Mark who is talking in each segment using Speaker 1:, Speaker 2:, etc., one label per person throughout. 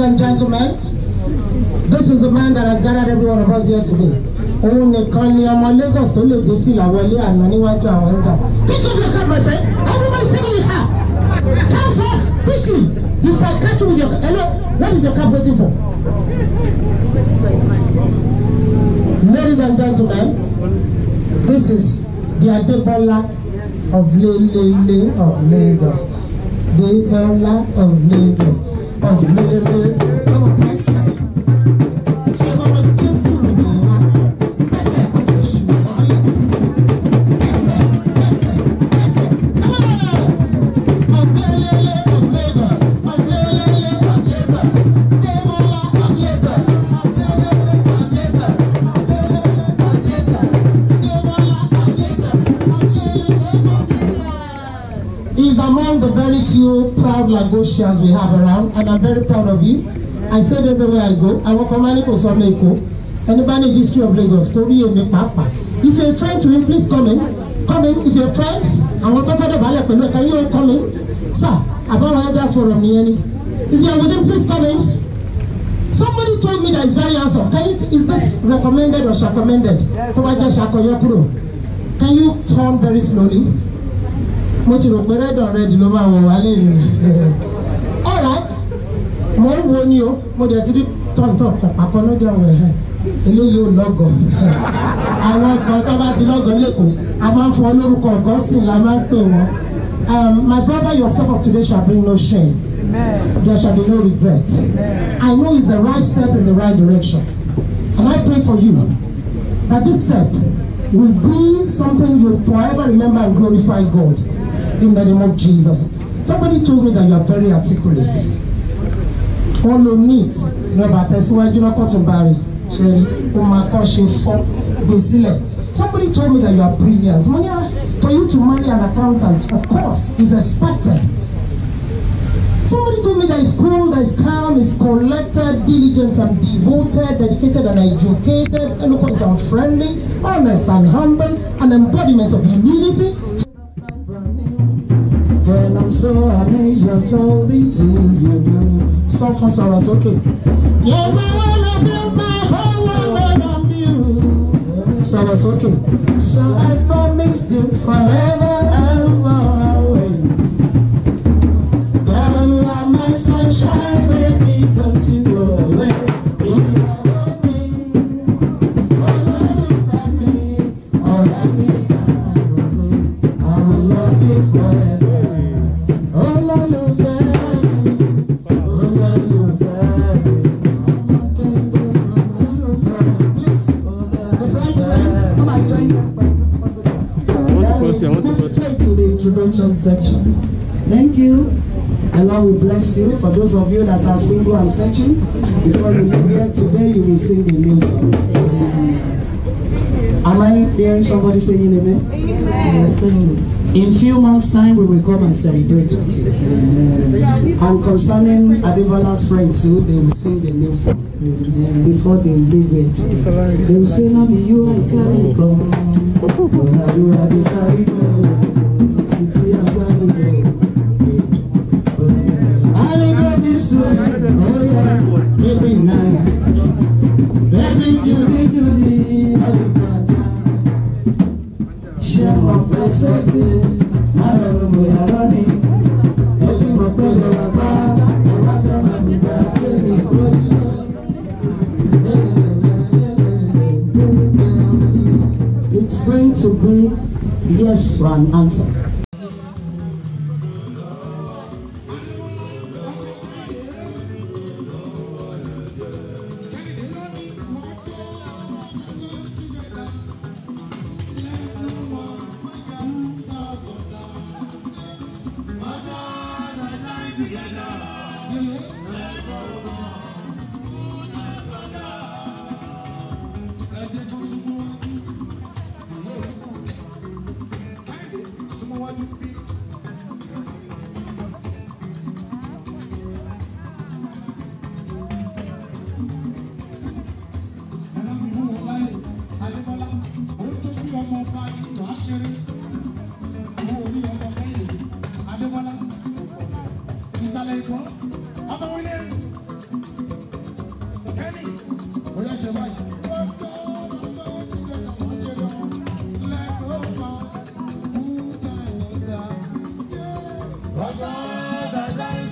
Speaker 1: ladies and gentlemen, this is the man that has gathered every one of us here today. Òun nìkan ni ọmọ Lagos tó lè dé fìlà wọlé àná níwájú àwọn elders. Take off your cap, my friend. Everybody take your cap. Cap off quickly. You for catch with your hello. What is your cap waiting for? Ladies and gentlemen, this is the Adebola of Lelele of Lagos. Adebola of Lagos. But really, I'm a blessing. You few proud Lagosians we have around, and I'm very proud of you. I said everywhere I go, I work on Manico Sameko, anybody in the history of Lagos, Tori Papa. If you're a friend to him, please come in. Come in, if you're a friend, I want to talk about the but can you all come in? Sir, about why that's for me. If you're with him, please come in. Somebody told me that it's very handsome. Can you, is this recommended or recommended? Yes, so I just Can you turn very slowly? mo ti rò pé red on ló máa wọ̀ wálé mi alright mo ń wo ni o mo dẹ̀ ti rí tọ̀ntọ̀n kan papọ̀ lọ́jọ́ àwọn ẹ̀hẹ́ eléyìí ò lọ́gọ̀ àwọn ọkọ̀ tó bá ti lọ́gọ̀ lẹ́kọ̀ọ́ a máa ń fọ lórúkọ ọ̀gọ́ sìn la máa ń pè wọ́n um, my brother your step of today shall bring no shame there shall be no regret I know it's the right step in the right direction and I pray for you that this step will be something you forever remember and glorify God. in the name of Jesus. Somebody told me that you are very articulate. All lo neat lọ́ba tẹ̀síwájú lọ́kọ̀ tó you rí not come to máa Somebody told me that you are brilliant. Mo ah, for you to marry an accountant of course is expected. Somebody told me that is cool, that is calm, is collected, diligent and devoted, dedicated and educated, eloquent and friendly, honest and humble, an embodiment of humility, so amazed at all the things you do. So Hassan, that's okay. Yes, I wanna build my whole world around you. So that's okay. So I promise you forever and always that am are my sunshine, baby, don't you go away. introduction section. Thank you. The Lord will bless you. For those of you that are single and searching, before you leave here today, you will sing a new song. Am I hearing somebody saying amen? amen? In few months' time, we will come and celebrate with you. And concerning Adivala's friends, too, they will sing the new song before they leave here They will say, you come. Yes, for answer.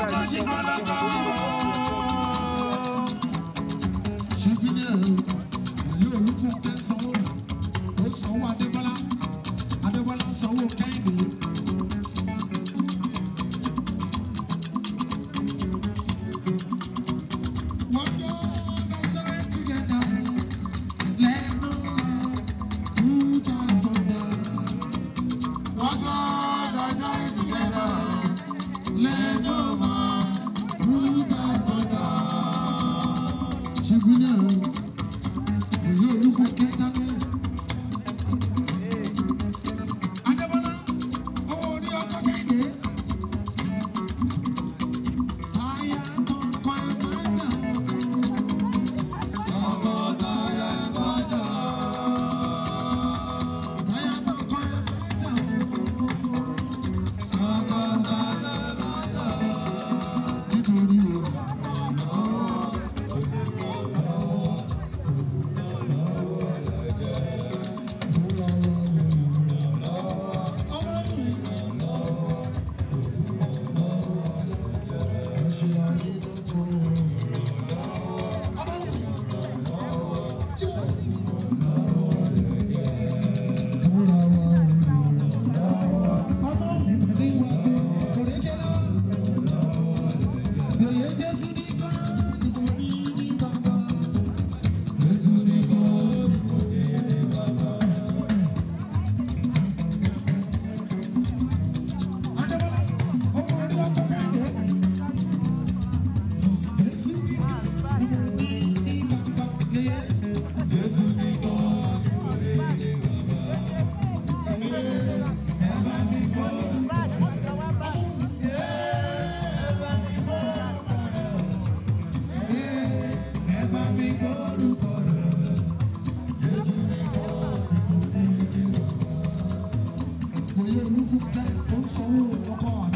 Speaker 1: Ọlọ́run ṣe kọ́ lọ́kọ́ wọn. nous vous battons son record.